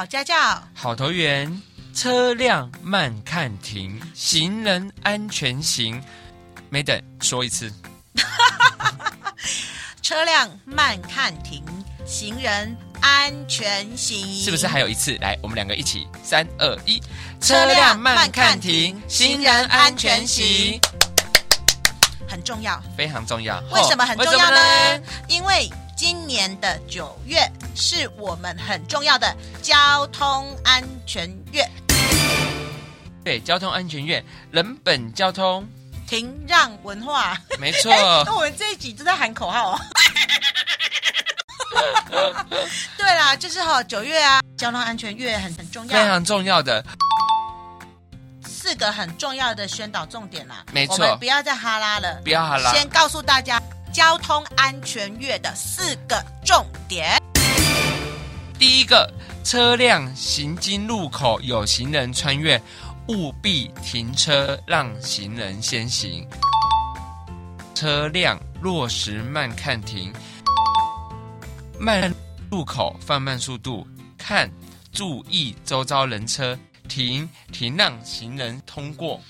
好家教，好投緣。車輛慢看停，行人安全行。Madam，說一次， 車輛慢看停，行人安全行。是不是還有一次？來，我們兩個一起，三二一，車輛慢看停，行人安全行，很重要，非常重要。為什麼很重要呢？為什麼呢？因為。今年的九月是我們很重要的交通安全月。對，交通安全月，人本交通，停讓文化，沒錯。那、欸、我們這一集都在喊口號、哦。 對啦，就是哈、哦，九月啊，交通安全月很很重要，非常重要的四個很重要的宣導重點啦。沒錯，我們不要再哈拉了，不要哈拉，先告訴大家。交通安全月的四個重點：第一個，車輛行經路口有行人穿越，務必停車讓行人先行。車輛落實慢看停，慢，路口放慢速度，看，注意周遭人車，停，停讓行人通過。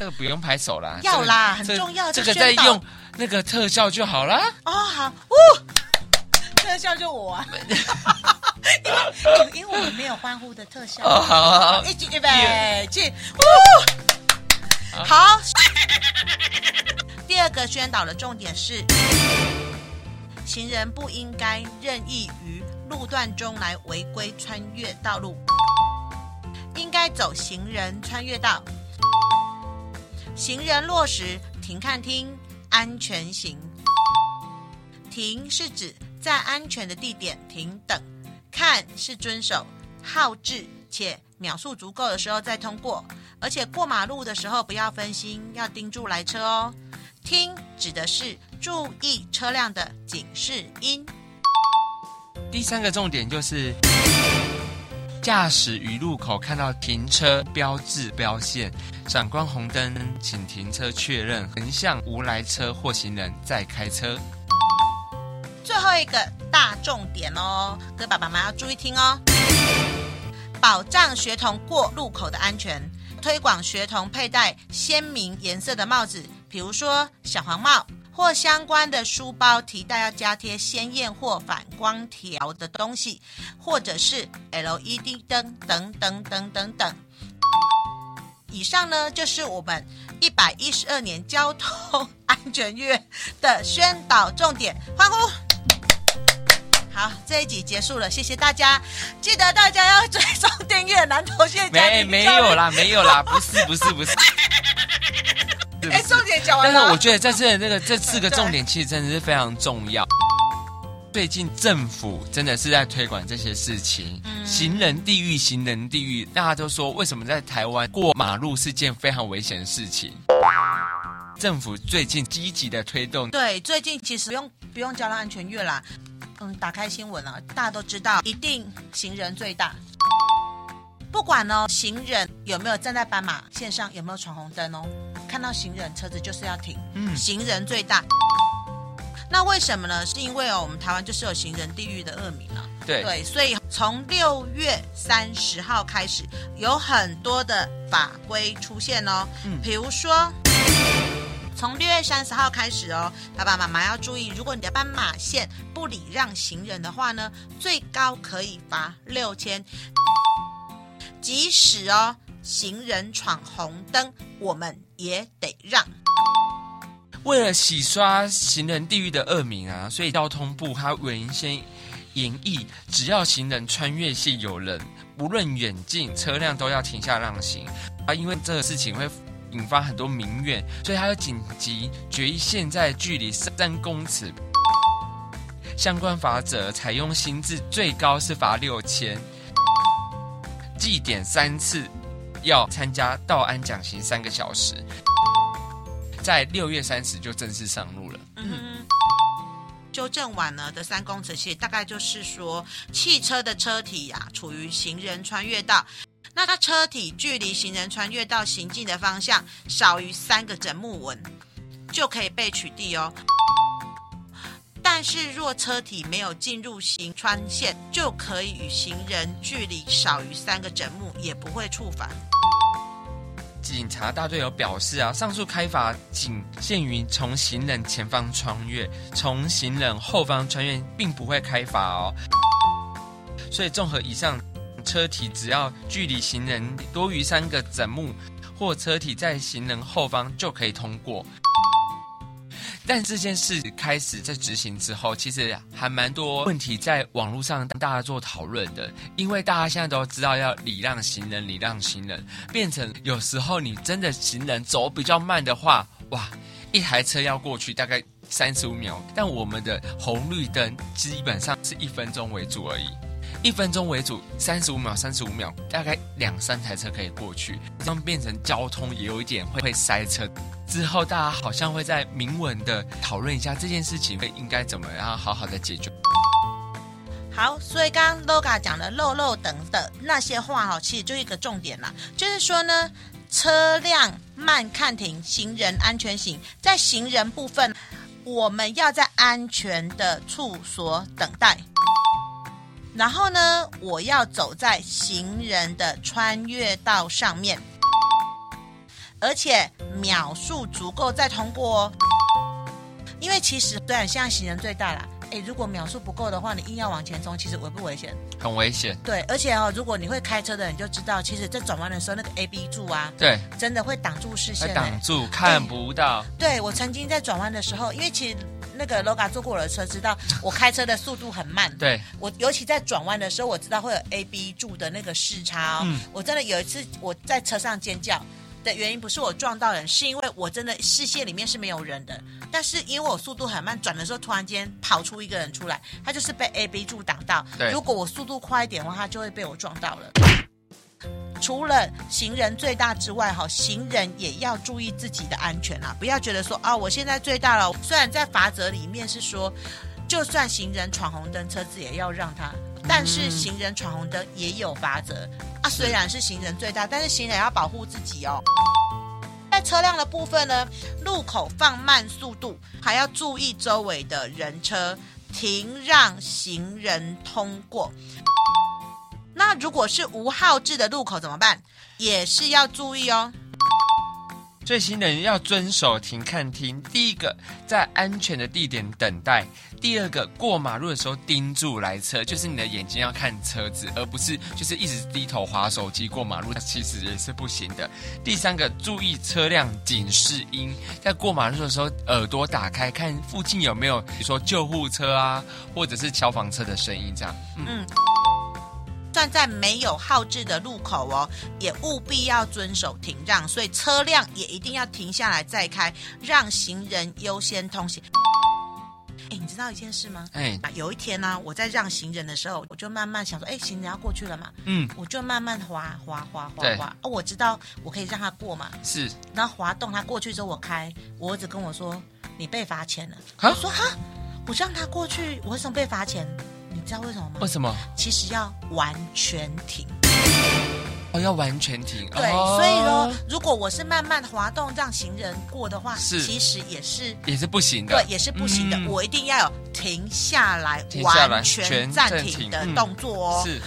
這個不用拍手啦，要啦，很重要。這個再用那個特效就好啦。哦，好，特效就我。啊，因為我們沒有歡呼的特效。哦，好好好。一起預備，起。好。第二個宣導的重點是：行人不應該任意於路段中來違規穿越道路，應該走行人穿越道。行人落實停看聽，安全行。停是指在安全的地點停等，看是遵守號誌，且秒數足夠的時候再通過，而且過馬路的時候不要分心，要盯住來車哦。聽指的是注意車輛的警示音。第三個重點就是。駕駛於路口看到停車標誌標線、閃光紅燈，請停車確認橫向無來車或行人再開車。最後一個大重點哦，各位爸爸媽媽要注意聽哦、喔，保障學童過路口的安全，推廣學童佩戴鮮明顏色的帽子，比如說小黃帽。或相關的書包提袋要加貼鮮豔或反光條的東西，或者是 LED 燈等等等等等等。以上呢，就是我們一百一十二年交通安全月的宣導重點，歡呼！好，這一集結束了，謝謝大家，記得大家要追蹤訂閱南投縣家庭沒，沒有啦，沒有啦，不是不是不是。不是不是 哎，重點講完了。但是我覺得在這次的那個這四個重點其實真的是非常重要。最近政府真的是在推廣這些事情，行人地獄，行人地獄，大家都說為什麼在台灣過馬路是件非常危險的事情？政府最近積極的推動。對，最近其實不用不用交通安全月啦。嗯，打開新聞了，大家都知道，一定行人最大。不管呢，行人有沒有站在斑馬線上，有沒有闖紅燈哦？看到行人，車子就是要停。嗯，行人最大。那為什麼呢？是因為哦，我們台灣就是有行人地獄的惡名了，啊。對，對，所以從六月三十號開始，有很多的法規出現哦。嗯，比如說，從六月三十號開始哦，爸爸媽媽要注意，如果你的斑馬線不禮讓行人的話呢，最高可以罰六千。即使哦，行人闖紅燈，我們也得讓。為了洗刷行人地獄的惡名啊，所以交通部他原先演繹，只要行人穿越線有人，無論遠近，車輛都要停下讓行。啊，因為這個事情會引發很多民怨，所以他要緊急決議，現在距離三公尺，相關法則採用新制，最高是罰六千。記點三次，要參加道安講習三個小時，在六月三十就正式上路了。嗯，糾正完呢，的三公尺，其實大概就是說，汽車的車體呀、啊，處於行人穿越道，那它車體距離行人穿越道行進的方向少於三個枕木紋，就可以被取締哦。但是，若車體沒有進入行穿線，就可以與行人距離少於三個枕木，也不會觸發。警察大隊有表示啊，上述開罰僅限於從行人前方穿越，從行人後方穿越並不會開罰哦。所以，綜合以上，車體只要距離行人多於三個枕木，或車體在行人後方就可以通過。但這件事開始在執行之後，其實還蠻多問題在網絡上大家做討論的，因為大家現在都知道要禮讓行人，禮讓行人變成有時候你真的行人走比較慢的話，哇，一台車要過去大概三十五秒，但我們的紅綠燈基本上是一分鐘為主而已。一分鐘為主，三十五秒，三十五秒，大概兩三台車可以過去，這樣變成交通也有一點會塞車。之後大家好像會在明文的討論一下這件事情，會應該怎麼樣好好的解決。好，所以剛剛 Loga 講的漏漏等等那些話哈，其實就一個重點啦，就是說呢，車輛慢看停，行人安全行。在行人部分，我們要在安全的處所等待。然後呢，我要走在行人的穿越道上面，而且秒數足夠再通過哦。因為其實雖然現在行人最大啦，哎，如果秒數不夠的話，你硬要往前衝，其實危不危險？很危險。對，而且哦，如果你會開車的人就知道，其實，在轉彎的時候那個 A、B 柱啊，對，真的會擋住視線欸，擋住看不到。對，我曾經在轉彎的時候，因為其實。那個 Loga 坐過我的車，知道我開車的速度很慢。對，我尤其在轉彎的時候，我知道會有 A B 柱的那個視差哦。嗯，我真的有一次我在車上尖叫的原因，不是我撞到人，是因為我真的視線裡面是沒有人的，但是因為我速度很慢，轉的時候突然間跑出一個人出來，他就是被 A B 柱擋到。對，如果我速度快一點的話，他就會被我撞到了。除了行人最大之外，哈，行人也要注意自己的安全啦、啊。不要覺得說啊、哦，我現在最大了。雖然在法則裡面是說，就算行人闖紅燈，車子也要讓他。但是行人闖紅燈也有罰則啊。雖然是行人最大，但是行人要保護自己哦。在車輛的部分呢，路口放慢速度，還要注意周圍的人車，停讓行人通過。那如果是無號誌的路口怎麼辦？也是要注意哦。最新的人要遵守停看聽。第一個在安全的地點等待；第二個過馬路的時候盯住來車，就是你的眼睛要看車子，而不是就是一直低頭滑手機過馬路，那其實也是不行的。第三個注意車輛警示音，在過馬路的時候耳朵打開，看附近有沒有，比如說救護車啊，或者是消防車的聲音，這樣。嗯。嗯站在沒有號誌的路口哦，也務必要遵守停讓，所以車輛也一定要停下來再開，讓行人優先通行。哎，你知道一件事嗎？哎、啊，有一天呢、啊，我在讓行人的時候，我就慢慢想說，哎，行人要過去了嘛？嗯，我就慢慢滑滑滑滑滑，哦對、啊，我知道我可以讓他過嘛。是，然後滑動他過去之後，我開，我兒子跟我說，你被罰錢了。哈我說哈，我讓他過去，我為什麼被罰錢？你知道為什麼嗎？為什麼？其實要完全停哦，要完全停。對，哦，所以呢，如果我是慢慢滑動讓行人過的話，是其實也是也是不行的，對，也是不行的。嗯、我一定要有停下來完全暫停的動作哦，停嗯、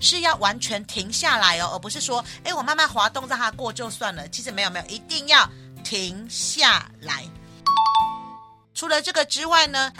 是是要完全停下來哦，而不是說，哎，我慢慢滑動讓他過就算了。其實沒有沒有，一定要停下來。除了這個之外呢？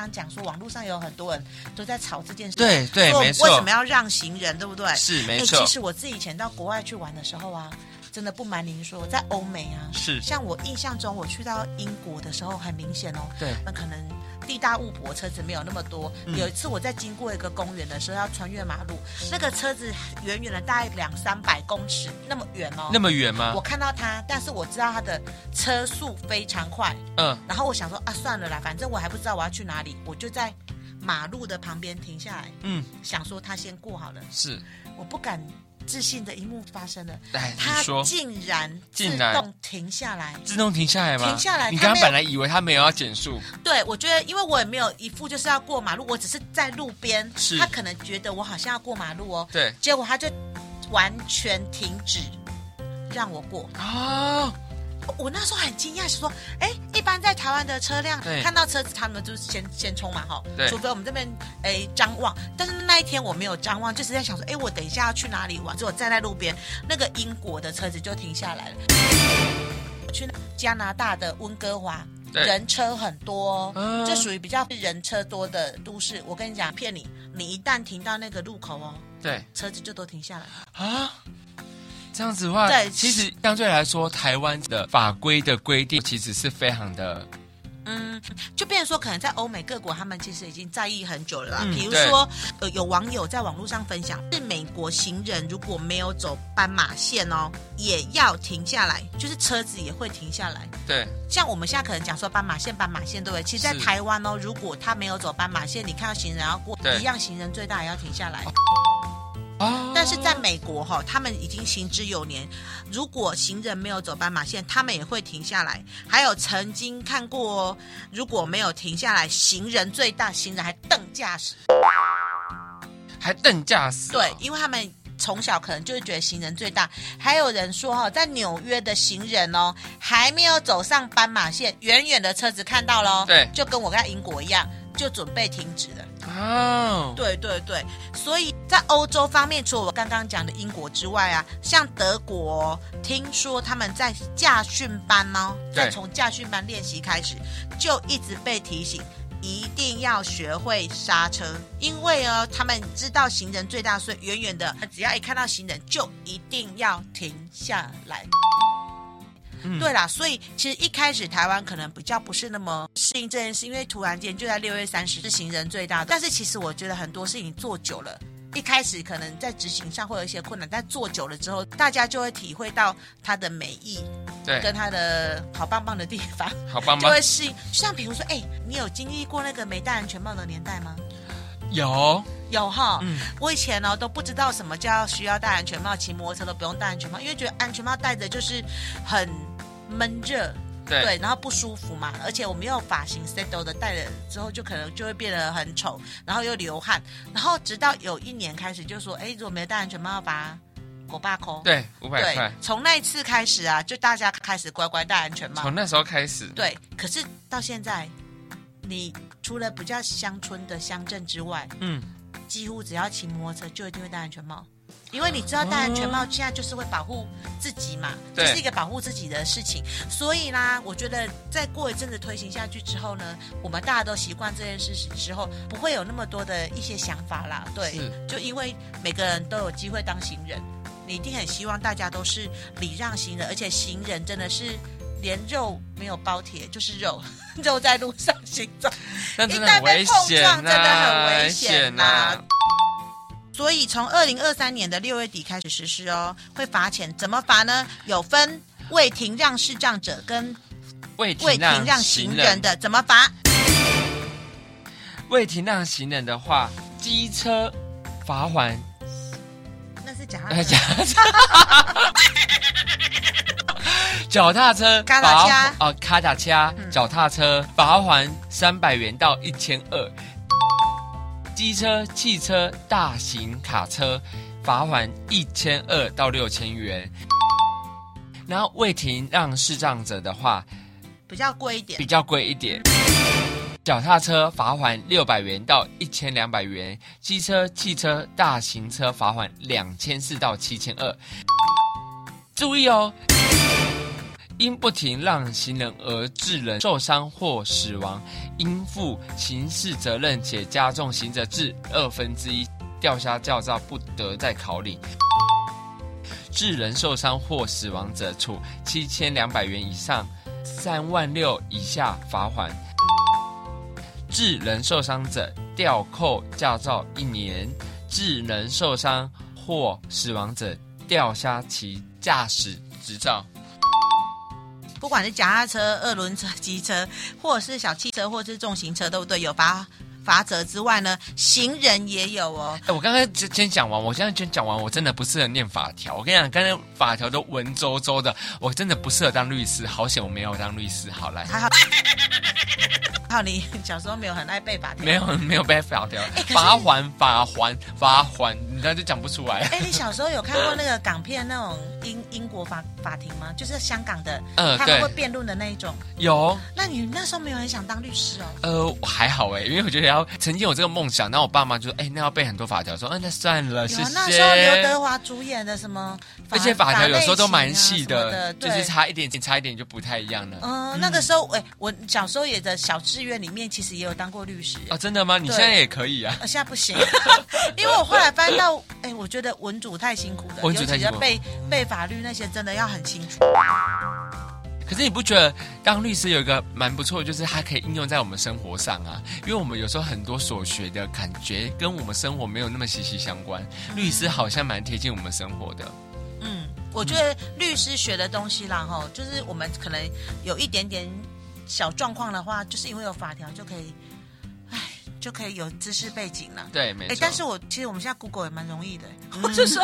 剛剛講說，網絡上有很多人都在吵這件事。對對，沒錯。為什麼要讓行人？對不對？是沒錯。其實、欸、我自己以前到國外去玩的時候啊，真的不瞞您說，在歐美啊，是像我印象中，我去到英國的時候，很明顯哦。對，那可能。地大物博，車子沒有那麼多。嗯、有一次我在經過一個公園的時候，要穿越馬路，是那個車子遠遠的大概兩三百公尺那麼遠哦，那麼遠、哦、嗎？我看到他，但是我知道他的車速非常快，嗯、呃，然後我想說啊，算了啦，反正我還不知道我要去哪裡，我就在馬路的旁邊停下來，嗯，想說他先過好了，是，我不敢。自信的一幕發生了，他竟然自動停下來。自動停下來嗎？停下來。你剛剛本來以為他沒有要減速，對我覺得，因為我也沒有一副就是要過馬路，我只是在路邊，他是可能覺得我好像要過馬路哦，對，結果他就完全停止，讓我過啊。哦我那時候很驚訝，是說，哎、欸，一般在台灣的車輛，對看到車子他們就先先衝嘛，哈對，除非我們這邊哎張望，但是那一天我沒有張望，就是在想說，哎、欸，我等一下要去哪裡玩，所以我站在路邊，那個英國的車子就停下來了。對去加拿大的溫哥華，對人車很多，哦，這屬於比較人車多的都市。我跟你講，騙你，你一旦停到那個路口哦，對，車子就都停下來了啊。這樣子的話，對其實相對來說，台灣的法規的規定其實是非常的，嗯，就變成說，可能在歐美各國，他們其實已經在意很久了啦。嗯、比如說，對呃，有網友在網絡上分享，是美國行人如果沒有走斑馬線哦，也要停下來，就是車子也會停下來。對，像我們現在可能講說斑馬線，斑馬線，對不對？其實，在台灣哦，是如果他沒有走斑馬線，你看到行人要過，對一樣行人最大也要停下來。哦但是在美國哈，他們已經行之有年。如果行人沒有走斑馬線，他們也會停下來。還有曾經看過，如果沒有停下來，行人最大，行人還瞪駕駛，還瞪駕駛。對，因為他們從小可能就會覺得行人最大。還有人說哈，在紐約的行人哦，還沒有走上斑馬線，遠遠的車子看到了哦，對，就跟我在英國一樣，就準備停止了啊。對，對對，所以在歐洲方面，除了我剛剛講的英國之外啊，像德國，哦，聽說他們在駕訓班哦，在對從駕訓班練習開始，就一直被提醒，一定要學會剎車，因為哦，他們知道行人最大，所以遠遠的，只要一看到行人，就一定要停下來。嗯、對啦，所以其實一開始台灣可能比較不是那麼適應這件事，因為突然間就在六月三十是行人最大的。但是其實我覺得很多事情做久了，一開始可能在執行上會有一些困難，但做久了之後，大家就會體會到它的美意，對，跟它的好棒棒的地方，好棒棒就會適應。像比如說，哎，你有經歷過那個沒戴安全帽的年代嗎？有。有哈，嗯、我以前呢、哦、都不知道什麼叫需要戴安全帽，騎摩托車都不用戴安全帽，因為覺得安全帽戴着就是很悶熱，對，對，然後不舒服嘛，而且我們有髮型 settle 的，戴了之後就可能就會變得很醜，然後又流汗，然後直到有一年開始就說，哎、欸，如果沒有戴安全帽，我把我爸扣，對，五百塊。從那次開始啊，就大家開始乖乖戴安全帽。從那時候開始。對，可是到現在，你除了比較鄉村的鄉鎮之外，嗯。幾乎只要騎摩托車就一定會戴安全帽，因為你知道戴安全帽現在就是會保護自己嘛，對就是一個保護自己的事情。所以啦，我覺得再過一陣子推行下去之後呢，我們大家都習慣這件事情之後，不會有那麼多的一些想法啦。對，是就因為每個人都有機會當行人，你一定很希望大家都是禮讓行人，而且行人真的是。連肉沒有包鐵，就是肉，肉在路上行走，但啊、一旦被碰撞，真的很危險吶、啊！險啊、所以從二零二三年的六月底開始實施哦，會罰錢。怎麼罰呢？有分未停讓視障者跟未停讓行人的，行人怎麼罰？未停讓行人的話，機車罰鍰。那是假的。 腳踏車，卡打車，哦，卡打車，腳踏車罰、呃嗯、還三百元到一千二；機車、汽車、大型卡車罰款一千二到六千元。然後未停讓視障者的話，比較貴一點，比較貴一點。腳、嗯、踏車罰款六百元到一千兩百元；機車、汽車、大型車罰款兩千四到七千二。注意哦。因不停讓行人而致人受傷或死亡，應負刑事責任且加重刑責至二分之一，吊銷駕照不得再考領；致人受傷或死亡者，處七千兩百元以上三萬六以下罰鍰。致人受傷者，吊扣駕照一年；致人受傷或死亡者，吊銷其駕駛執照。不管是腳踏車、二輪車、機車，或者是小汽車，或者是重型車，都對有。有罰罰則之外呢，行人也有哦。欸，我剛剛先講完，我現在先講完，我真的不適合念法條。我跟你講，剛才法條都文縐縐的，我真的不適合當律師。好險我沒有當律師，好來，還好，還好你小時候沒有很愛背法條，沒有沒有背法條。罰鍰罰鍰罰鍰。那就講不出來。哎、欸，你小時候有看過那個港片那種英英國法法庭嗎？就是香港的，他們、嗯、會辯論的那一種。有。那你那時候沒有很想當律師哦。呃，還好哎，因為我覺得要曾經有這個夢想，那我爸媽就說：“哎、欸，那要背很多法條。”說：“嗯、呃、那算了。有啊”有謝那時候劉德華主演的什麼？而且法條有時候都蠻細、啊、的，就是對差一點，點，差一點就不太一樣了。嗯、呃，那個時候哎、嗯欸，我小時候也在小志願裡面，其實也有當過律師啊。真的嗎？你現在也可以啊。呃、現在不行， 因為我後來搬到。哎、欸，我覺得文主太辛苦了，尤其是背背、嗯、法律那些，真的要很清楚。嗯、可是你不覺得當律師有一個蠻不錯，就是它可以應用在我們生活上啊？因為我們有時候很多所學的感覺跟我們生活沒有那麼息息相關，嗯、律師好像蠻貼近我們生活的。嗯，我覺得律師學的東西啦，然後、嗯、就是我們可能有一點點小狀況的話，就是因為有法條就可以。就可以有知識背景了，對，沒錯。但是我其實我們現在 Google 也蠻容易的。我就說，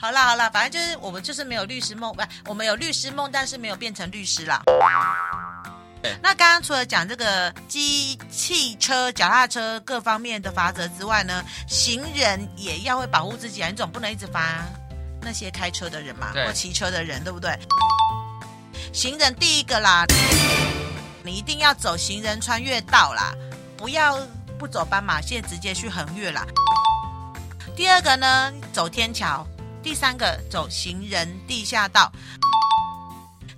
好啦，好啦，反正就是我們就是沒有律師夢，不，啊，我們有律師夢，但是沒有變成律師了。對那剛剛除了講這個機、汽車、腳踏車各方面的法則之外呢，行人也要會保護自己啊！你總不能一直罰那些開車的人嘛，對或騎車的人，對不對？對行人第一個啦，你一定要走行人穿越道啦。不要不走斑馬線，直接去橫越啦。第二個呢，走天橋；第三個，走行人地下道。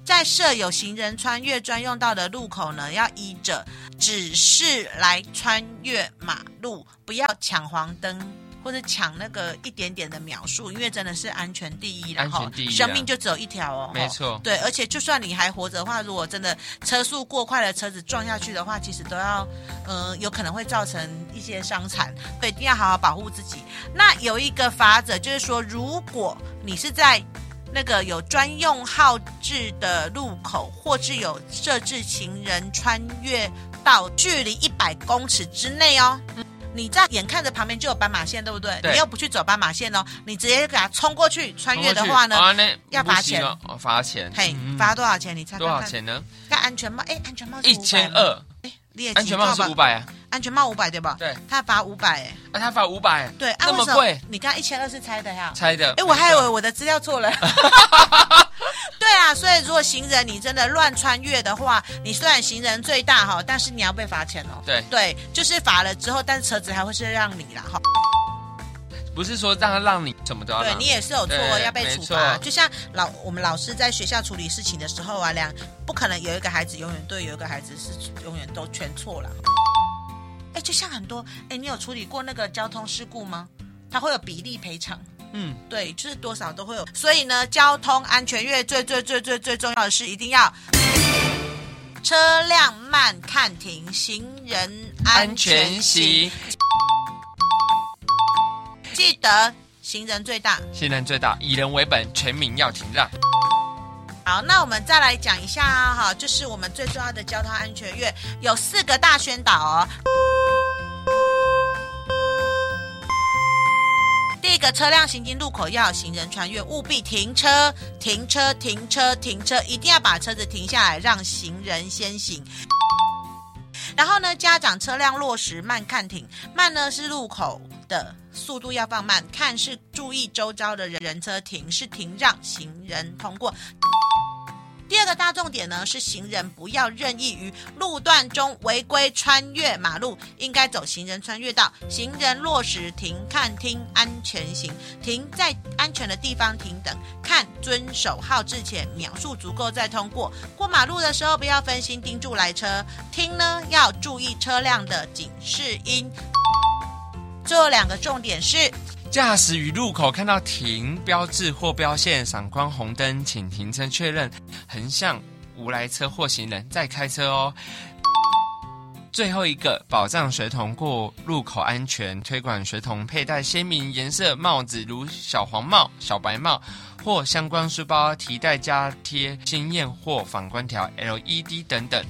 在設有行人穿越專用道的路口呢，要依着指示來穿越馬路，不要搶黃燈。或者搶那個一點點的秒數，因為真的是安全第一，然後生命就只有一條哦，沒錯、哦。對，而且就算你還活着的話，如果真的車速過快的車子撞下去的話，其實都要，嗯、呃，有可能會造成一些傷殘，對，一定要好好保護自己。那有一個法則，就是說，如果你是在那個有專用號誌的路口，或是有設置行人穿越道距離一百公尺之內哦。嗯你在眼看着旁邊就有斑馬線，對不對？對你又不去走斑馬線哦，你直接給他衝過去穿越的話呢，哦、要罰錢，罰、哦、錢。嘿，罰多少錢？嗯、你猜多少錢呢？戴安全帽，哎，安全帽一千二。哎，安全帽是五百 12,、欸、啊。安全帽五百對吧？對，他罰五百，哎，他罰五百，對，那麼貴。你剛一千二是猜的哈？猜的。哎，我還以為我的資料錯了。對啊，所以如果行人你真的亂穿越的話，你雖然行人最大哈，但是你要被罰錢哦。對，對，就是罰了之後，但車子還會是讓你啦哈。不是說讓他讓你怎麼着，對，你也是有錯，要被處罰。就像老我們老師在學校處理事情的時候啊，兩不可能有一個孩子永遠對，有一個孩子是永遠都全錯了。就像很多，哎，你有處理過那個交通事故嗎？它會有比例賠償，嗯，對，就是多少都會有。所以呢，交通安全月最最最最最重要的是一定要車輛慢看停，行人安全行，全席記得行人最大，行人最大，以人為本，全民要停讓。好，那我們再來講一下哈、哦，就是我們最重要的交通安全月有四個大宣導哦。一個車輛行經路口要有行人穿越，務必停車停車停車停車，一定要把車子停下來，讓行人先行。然後呢，家長車輛落實慢看停，慢呢是路口的速度要放慢，看是注意周遭的人人車停，停是停讓行人通過。第二個大重點呢，是行人不要任意於路段中違規穿越馬路，應該走行人穿越道。行人落實停、看、聽，安全行。停在安全的地方停等，看遵守號誌且秒數足夠再通過。過馬路的時候不要分心盯住來車，聽呢要注意車輛的警示音。最後兩個重點是。駕駛於路口看到停標誌或標線，閃光紅燈，請停車確認。橫向無來車或行人再開車哦。最後一個，保障學童過路口安全，推廣學童佩戴鮮明顏色帽子，如小黃帽、小白帽，或相關書包提帶加貼鮮豔或反光條、LED 等等。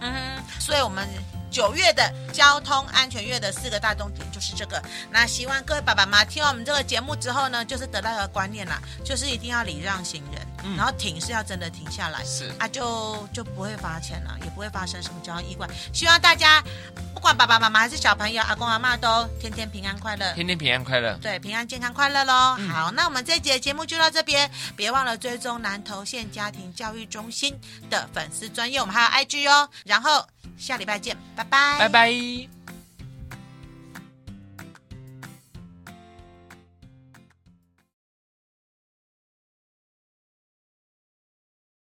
嗯哼，所以我們。九月的交通安全月的四個大重點就是這個。那希望各位爸爸媽聽完我們這個節目之後呢，就是得到一個觀念啦、啊，就是一定要禮讓行人，嗯、然後停是要真的停下來，是啊就，就就不會罰錢了，也不會發生什麼交通意外。希望大家不管爸爸媽媽還是小朋友、阿公阿媽，都天天平安快樂，天天平安快樂，對，平安健康快樂嘍。嗯、好，那我們這集的節、節目就到這邊，別忘了追蹤南投縣家庭教育中心的粉絲專頁，我們還有 IG 哦，然後。下禮拜見，拜拜，拜拜。